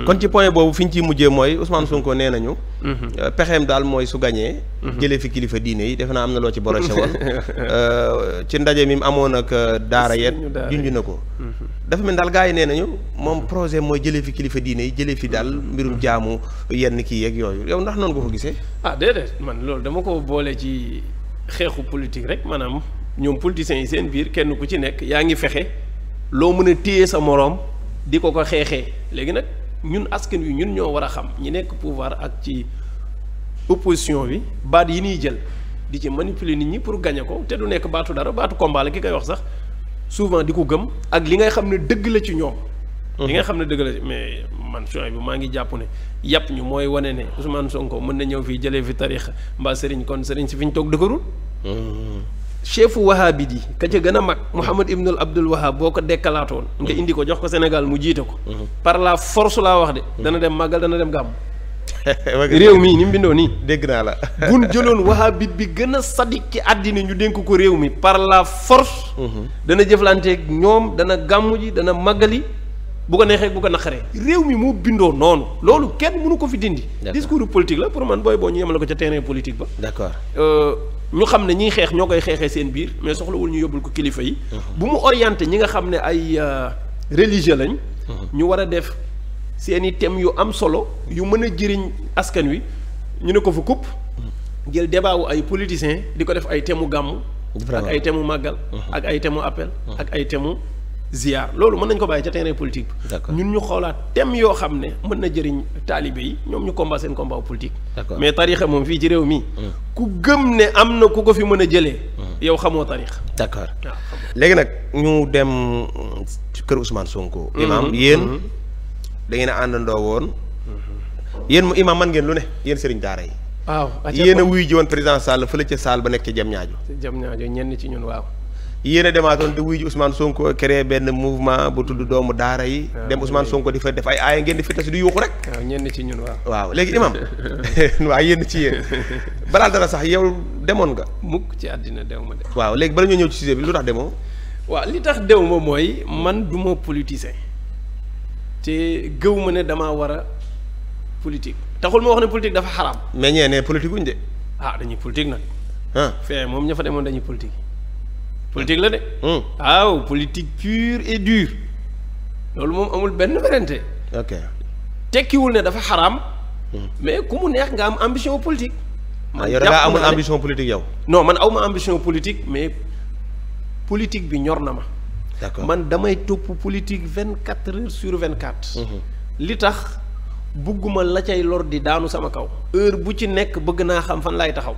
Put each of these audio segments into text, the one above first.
Hmm. kon ci point boobu fi ñu ci mujjee mooy Ousmane hmm. Sonko nee nañu. Hmm. Euh, pexeem daal mooy su gañee jëlee fi kilifa diine yi defe naa am na loo ci borosé woon. Euh, ci ndaje mi mu amoon ak euh, daara yet junj na ko. dafa mel daal gars yi nee nañu moom projet mooy jëlee fi kilifa diine yi jëlee fi daal mbirum jaamu yenn kii yeeg yooyu yow ndax noonu ko ko gisee. ah déedéet man loolu dama ko boole ci xeexu politique rek maanaam ñoom politiciens yi seen biir kenn ku ci nekk yaa ngi fexe loo mën a téye sa moroom di ko ko xeexee léegi nag. ñun askan wi ñun ñoo war a xam ñi nekk pouvoir ak ci opposition bi baat yi ñuy jël di ci manipuler nit ñi pour gañe ko te du nekk baatu dara baatu combat la ki koy wax sax souvent di ko gëm ak li ngay xam ne dëgg la ci ñoom. li nga xam ne dëgg la mais man choix bi maa ngi jàpp ne yàpp ñu mooy wane ne Ousmane Sonko mën na ñëw fii jëlee fi tariix mbaa sëriñ kon seriñ si fi ñu toog dëgërul. chefu wahabit yi ka ca gën a mag Mouhamad Ibnul Abdul Wahab boo ko dekkalaatoon. nga indi ko jox ko senegal mu jiite ko. Mhm. par la force laa wax de. Mhm. dana dem màggal dana dem gàmm. réew mii ni mu nii. dégg naa la. buñ jëloon wahabit bi gën a sadik ci àddina ñu dénk ko réew mi par la fors mhm. dana jëflanteeg ñoom dana gàmm ji dana màggali bu ko neexee bu ko naqaree. réew mi moo bindoo noonu. loolu kenn mënu ko fi dindi. discours politique la pour man booy boo ñu yemale ko ca terrain politique ba. d'accord. Euh, ñu xam ne ñiy xeex ñoo koy xeexee seen biir mais soxlawul ñu yóbbul ko kilifa yi. Uh-huh. bu mu orienté ñi nga xam ne ay euh, religieux lañ. Uh-huh. ñu war a def seen i thèmes yu am solo yu mën a jëriñ askan wi ñu ne ko fa kupp uh-huh. jël debaawu ay politiciens di ko def ay thèmes gàmm. ak ay thèmes mu màggal. ak ay thèmes mu appel. ak ay thèmes ziar loolu mën nañ ko bàyyi ca terrain politique bi ñun ñu xoolaat thème yoo xam ne mën na jëriñ taalibe yi ñoom ñu combat seen combat politique mais tarixa moom fii ci réew mi. Hmm. ku gëm ne am na ku ko fi mën a jëlee hmm. yow xamoo tarix d'accord léegi nag ñu dem kër Ousmane Sonko hmm. imaam yéen da ngeen àndandoo woon yéen mu imaam man ngeen lu ne yéen sëriñ daara yi waaw yéen a wuyu ji woon président Sall fële ca Sall ba nekk ca jam ñaajo jam ñaajo ñenn ci ñun waaw yéen a demaatoon di wuy ji Ousmane Sonko créé benn mouvement bu tudd doomu daara yi. Ah, dem Ousmane Sonko di fa def ay aaya ngeen di fi si di yuuxu rek. waaw ah, ñenn ci ñun waaw. waaw léegi imam waaw yéen ci yéen balaa dara sax yow demoon nga. mukk ci àddina dew ma de. waaw léegi bala ñoo ñëw ci sujet bi lu tax demoo. waaw li tax dew ma mooy man du ma politicien te gëw ma ne damaa war a politique taxul moo wax ne politique dafa xaraam. mais ñee ne politique wuñ de. ah dañuy politique nag. ah fee moom ña fa demoon dañuy politique. politique la de. Hmm. waaw politique pure et dure loolu moom amul benn werante. ok tekkiwul ne dafa xaraam. Hmm. mais ku mu neex nga am ambition politique. Ah, man yow da ngaa amul ambition politique yow. non man awma ambition politique mais politique bi ñor na ma. d'accord man damay topp politique vingt quatre heures sur vingt quatre. Hmm. li tax bugguma la cay lor di daanu sama kaw. heure bu ci nekk bëgg naa xam fan laay taxaw.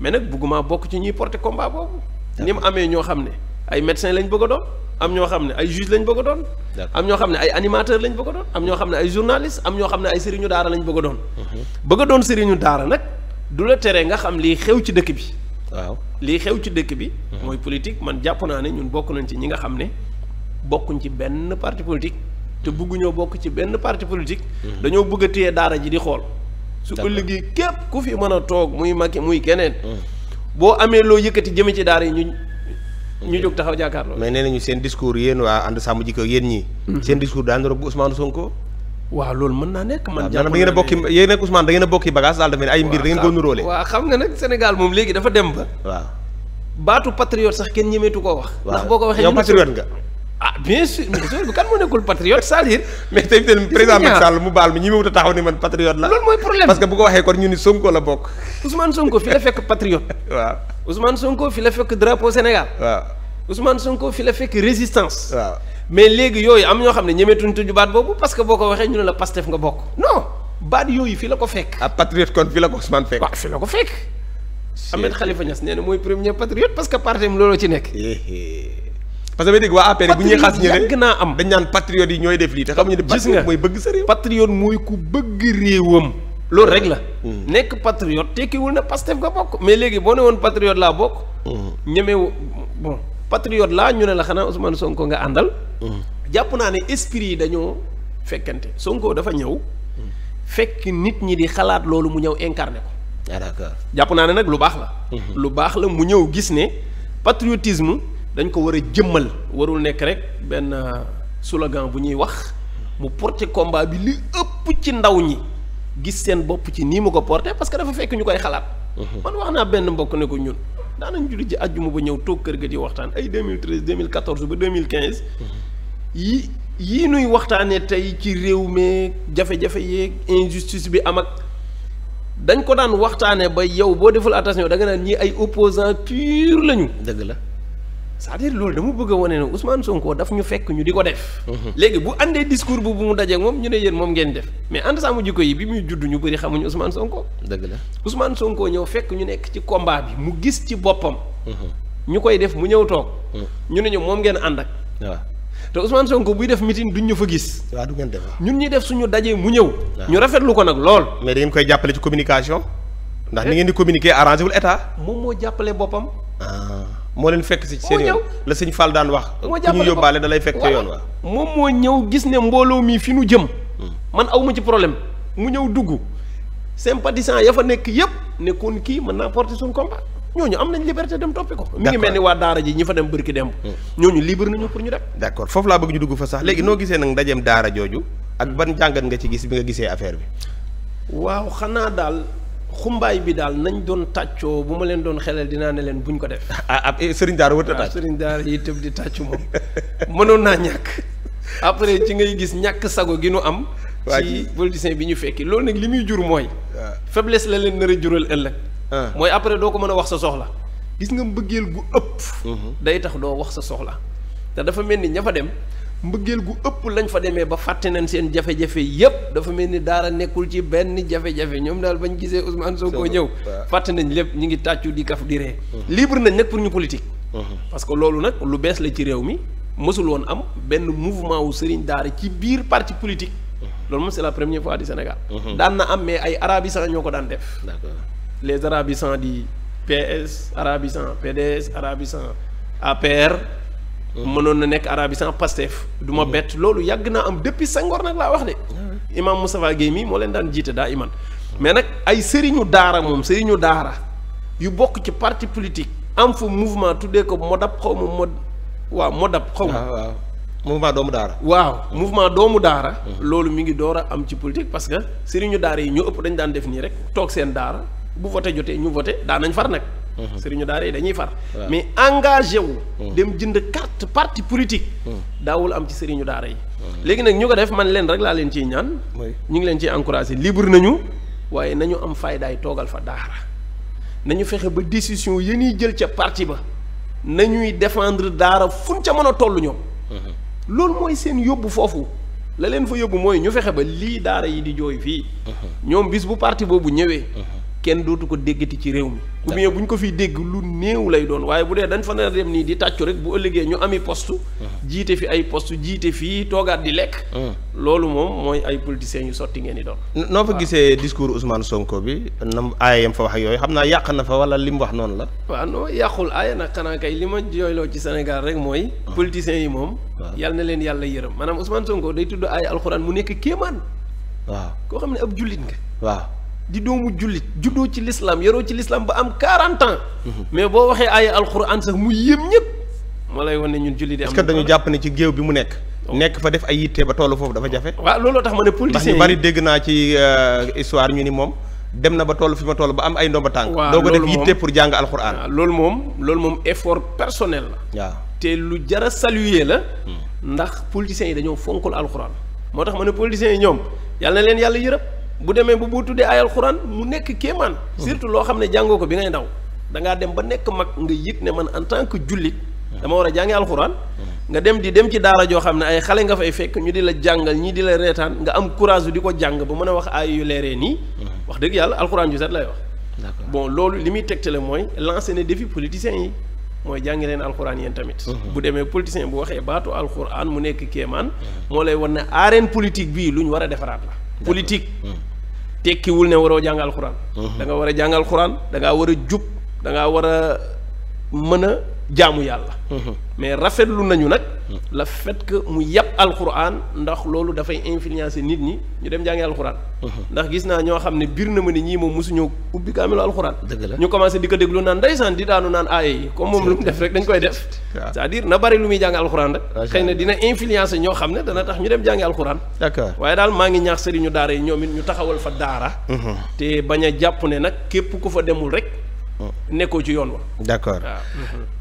mais nag bugguma bokk ci ñuy porter combat boobu. ni mu amee ñoo xam ne ay médecins lañ bëgg doon am ñoo xam ne ay juge lañ bëgg doon am ñoo xam ne ay animateur lañ bëgg doon am ñoo xam ne ay journaliste am ñoo xam ne ay sëriñu daara lañ bëgg a doon mhm. bëgg doon sëriñu daara nag du la tere nga xam lii xew ci dëkk bi waaw lii xew ci dëkk bi mhm. mooy politique man jàpp naa ne ñun bokk nañ ci ñi nga xam ne bokkuñ ci benn parti politique te bëgguñoo bokk ci benn parti politique mhm. dañoo bëgg a téye daara ji di xool su ëllëgee ku fi mën a toog muy Macky muy keneen boo amee loo yëkkati jëme ci daar yi ñu ñu jóg taxaw jàkkaarloo. mais nee nañu seen discours yéen waa ànd sàmm jikko yéen ñi hmm. seen discours daan roog bu Ousmane Sonko. waaw loolu mën naa nekk man. Ah, jàpp da ngeen a bokki yéen ak Ousmane da ngeen a bokki bagage daal dafa ne ay mbir da ngeen ko nuróole. xam nga nag Sénégal moom léegi dafa dem ba. waaw baatu patriote sax kenn ñemeetu koo wax. waa boo ko waxee yow patriote nga ah bien sûr mais kan moo nekkul patriote c'est-à-dire mais tey mu baal mi ñi ma wut a taxaw ni man patriote la. loolu mooy problème parce que bu ko waxee kon ñu ni Sonko la bokk. Ousmane Sonko fi la fekk patriote. waaw Ousmane Sonko fi la fekk résistance. waaw mais léegi yooyu am ñoo xam ne ñemetuñ tuju baat boobu parce que boo ko waxee ñu ne la Pastef nga bokk. non baat yooyu fi la ko fekk. ah kon fi la ko Ousmane fekk. waaw fi la ko fekk. Ahmed Khalifa Niass nee que parti am looloo ci parce que bay dégg waa APR bu am dañ naan patriote yi ñooy def lii te xam ñu ne gis loolu rek la hmm. nekk patriote tekkiwul na Pastef nga bokk mais léegi boo ne woon patriote laa bokk hmm. ñemewu bon laa ñu ne la xanaa Ousmane Sonko nga àndal hmm. jàpp naa ne esprit yi dañoo fekkante Sonko dafa ñëw fekk nit ñi di xalaat loolu mu ñëw incarné ko ah, jàpp naa ne nag lu baax la lu baax la mu ñëw gis ne patriotisme dañ ko war a jëmmal warul nekk rek benn euh, slogan bu ñuy wax mu porter combat bi li ëpp ci ndaw ñi gis seen bopp ci nii mu ko porter parce que dafa fekk ñu koy xalaat. Mhm. man wax naa benn mbokk ne ko ñun daanañ julli ji àjjuma ba ñëw toog kër ga di waxtaan ay 2013 2014 ba 2015. Mhm. yi yii nuy waxtaanee tey ci réew meeg jafe-jafe yeeg injustice bi am ak dañ ko daan waxtaanee ba yow boo deful attention da nga naan ñii ay opposants pur lañu. dëgg la. c'est-à-dire loolu dama bëgg wone wane usman Ousmane Sonko daf ñu fekk ñu di ko def. léegi bu àndee discours bu bu mu dajeeg moom ñu ne yéen moom ngeen def mais ànd saamu jikko yi bi muy judd ñu bëri xamuñu Ousmane Sonko. dëgg la Ousmane Sonko ñëw fekk ñu nekk ci combat bi mu gis ci boppam. ñu koy def mu ñëw toog. ñu ne ñu moom ngeen ànd ak. te Ousmane Sonko buy def meeting duñu ñu fa gis. waaw du def ñun ñuy def suñu dajee mu ñëw. ñu rafetlu ko nag lool. mais da ngeen koy jàppale ci communication. ndax ni ngeen di communiquer arrangé wul état. moom moo jàppale boppam. Ah. moo leen fekk si seen yoon la sëñ Fall daan wax ku ñu yóbbaale da lay fekk ca yoon wa moom moo ñëw gis ne mbooloo mii fi nu jëm hmm. man awma ci problème mu ñëw dugg sympathisant ya fa nekk yépp nekkoon kii mën naa porter suñu combat ñooñu am nañ liberté dem toppi ko mi ngi mel ni waa daara ji ñi fa dem bërki demb hmm. ñooñu libre nañu pour ñu dem d'accord foofu laa bëgg ñu dugg fa sax léegi hmm. noo gisee nag ndajeem daara jooju ak ban jàngat nga ci gis bi nga gisee affaire bi waaw xanaa xumbaay bi daal nañ doon tàccoo bu ma leen doon xelal dinaa ne leen buñ ko def. ah ab ah, eh, sëriñ daara wër ah, tàcc sëriñ daara yi tëb di tàcc moom mënoon naa ñàkk après ci ngay gis ñàkk sago gi nu am. ci politicien bi ñu fekki loolu nag li muy jur mooy. Ah. faiblesse la leen nar a jural ëllëg. mooy après doo ko mën a wax sa soxla. gis nga mbëggeel gu ëpp. Mhm. day tax doo wax sa soxla. te dafa mel ni ña fa dem. mbëggeel gu ëpp lañ fa demee ba fàtte nañ seen jafe-jafe yépp dafa mel ni daara nekkul ci benn jafe-jafe ñoom daal ba ñu gisee soo Sonko ñëw fàtte nañ lépp ñu ngi tàccu di kaf di ree mm-hmm. libre nañ nag pour ñu politique mm-hmm. parce que loolu nag lu bees la ci réew mi mësul woon am benn mouvement wu sëriñ daara ci biir parti politique mm-hmm. loolu moom c'est la première fois du Sénégal daan na am mais ay arabisants ñoo ko daan def les arabisants di PS arabisants PDS arabisants APR mënoon na nekk arabes yi sans Pastef du ma bett loolu yàgg naa am depuis Senghor nag laa wax de ah imam Moustapha Guèye mii moo leen daan jiite daa iman mais nag ay sëriñu daara moom sëriñu daara yu bokk ci parti politique am fa mouvement tuddee ko modab xaw ma mod waaw modab xaw ma ah, mouvement doomu daara waaw mouvement doomu daara mhm. loolu mu ngi door a am ci politique parce que sëriñu daara yi ñu ëpp dañ daan def nii rek toog seen daara bu voté jotee ñu voté daa nañ far nag Mhm. sëriñu daara yi dañuy far mais engagé wu mhm. dem jënd carte parti politique mhm. daawul am ci sëriñu daara yi léegi nag ñu ko def man leen rek laa leen ciy ñaan ñu ngi leen ciy encouragé libre nañu waaye nañu am faydaay toogal fa daara nañu fexe ba décision yi ñuy jël ca parti ba nañuy defendre daara fuñ ca mën a toll ñoom loolu mooy seen yóbbu foofu la leen fa yóbbu mooy ñu fexe ba lii daara yi di jooy fii ñoom bis bu parti boobu ñëwee kenn dootu ko déggati ci réew mi ou bien bu ñu ko fiy dégg lu néew lay doon waaye bu dee dañ fa na dem nii di tàccu rek bu ëllëgee ñu ami poste uh-huh. jiite fi ay poste jiite fii toogaat di lekk uh-huh. loolu moom mooy ay politiciens yu sotti ngeen di doon noo fa gisee discours Ousmane Sonko bi nam aaya ak yooyu xam naa yàq na fa wala li mu wax noonu la waaw non yàqul aaya nag xanaa kay li ma jooyloo ci Sénégal rek mooy uh-huh. politiciens yi moom yal na leen yàlla yërëm maanaam Ousmane Sonko day tudd aaya alxuraan mu nekk kéemaan waaw koo xam ne ab jullit nga waaw di doomu jullit juddoo ci lislaam yaroo ci lislaam ba am 40 ans. mais boo waxee aaya alxuraan sax mu yéem ñëpp. moo lay wan ne ñun jullit yi. am est-ce que dañu jàpp ne ci géew bi mu nekk. Oh. nekk fa def ay yitte ba tollu foofu dafa jafe. waa looloo tax ma ne politiciens yi ndax ñu dégg naa ci euh, histoire ñu ni moom. dem na ba toll fi ma toll ba am ay ndomba tànk. waaw loolu moom doo ko def yitte pour loolu moom loolu moom effort personnel la. waa te lu jar a saluer la. Hmm. ndax politiciens yi dañoo fonkul alxuraan. moo tax ma ne politiciens yi ñoom yàlla leen yàlla yërëm bu demee bu bu tuddee ay alxuraan mu nekk kéemaan. Hmm. surtout loo xam ne jàngoo ko bi ngay ndaw da dem ba nekk mag nga yëg ne man en tant que jullit. Hmm. dama war a jàngi hmm. nga dem di dem ci daara joo xam ne ay xale nga fay fekk ñu di la jàngal ñii di la reetaan am courage di ko jàng ba mën a wax ay yu leeree wax dëgg yàlla alxuraan ju set lay wax. d'accord bon loolu li muy tegtale mooy lancer ne défi politiciens yi. mooy jàngi leen alxuraan yéen tamit. bu demee politicien bu waxee baatu alxuraan mu nekk kéemaan. moo lay wan ne arène politique bii lu ñu war a defaraat la. politique. tekkiwul ne waroo jàngal alxuraan. Mhm. da nga war a jàng alxuraan da ngaa war a jub da ngaa war a mën a. jaamu yàlla mhm. mais rafetlu nañu nag mhm. la fait que mu yàpp alxuraan ndax loolu dafay influencer nit ñi ñu dem jàngi alxuraan mhm. ndax gis naa ñoo xam ne biir na ma ne ñii moom mosuñu ubbi kaamilu alxuraan dëgg la ñu commencé di ko déglu naan ndeysaan di daanu naan aaye yi comme dañ koy def cest à lu muy jàng alxuraan xëy na dina influencer ñoo xam ne dana tax ñu dem jàngi alxuraan d'accord waaye daal maa ngi ñaax ñu daara yi ñoom it ñu taxawal fa daara te bañ a jàpp ne nag képp ku fa demul rek nekkoo ci yoon wa. d' accord ah.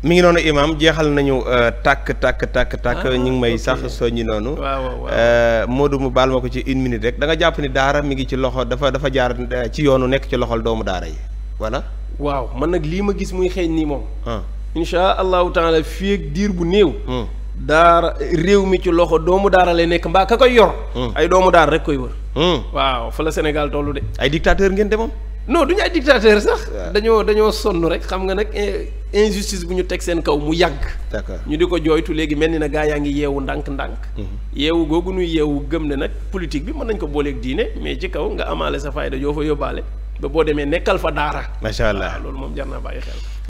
mi ngi noonu imaam jeexal nañu euh, tàkk tàkk tàkk tàkk ah, ñu ngi may sax soññi noonu. waaw waaw euh, Modou mu baal ma ko ci une minute rek da jàpp ni daara mi ngi ci loxo dafa dafa jaar euh, ci yoonu nekk ci loxo doomu daara yi voilà. waaw man nag lii ma gis muy xeeñ nii moom. Ah. incha allahu taala fii ak diir bu néew. Hmm. daara réew mi ci loxo doomu daara lay nekk mbaa ka koy yor. Hmm. ay doomu daara rek koy wër. Hmm. waaw fa la Sénégal tollu de. ay dictateur ngeen de non du ñu ay dictateur sax. dañoo dañoo sonn rek xam nga nag eh, injustice bu ñu teg seen kaw mu yàgg. ñu di ko jooytu léegi mel ni na gaa yaa ngi yeewu ndànk-ndànk. Mhm. yeewu googu nuy yeewu gëm ne nag politique bi mën nañ ko booleek diine mais ci kaw nga amaale sa fayda yoo fa yóbbaale ba boo demee nekkal fa daara. macha allah loolu moom jar naa bàyyi xel.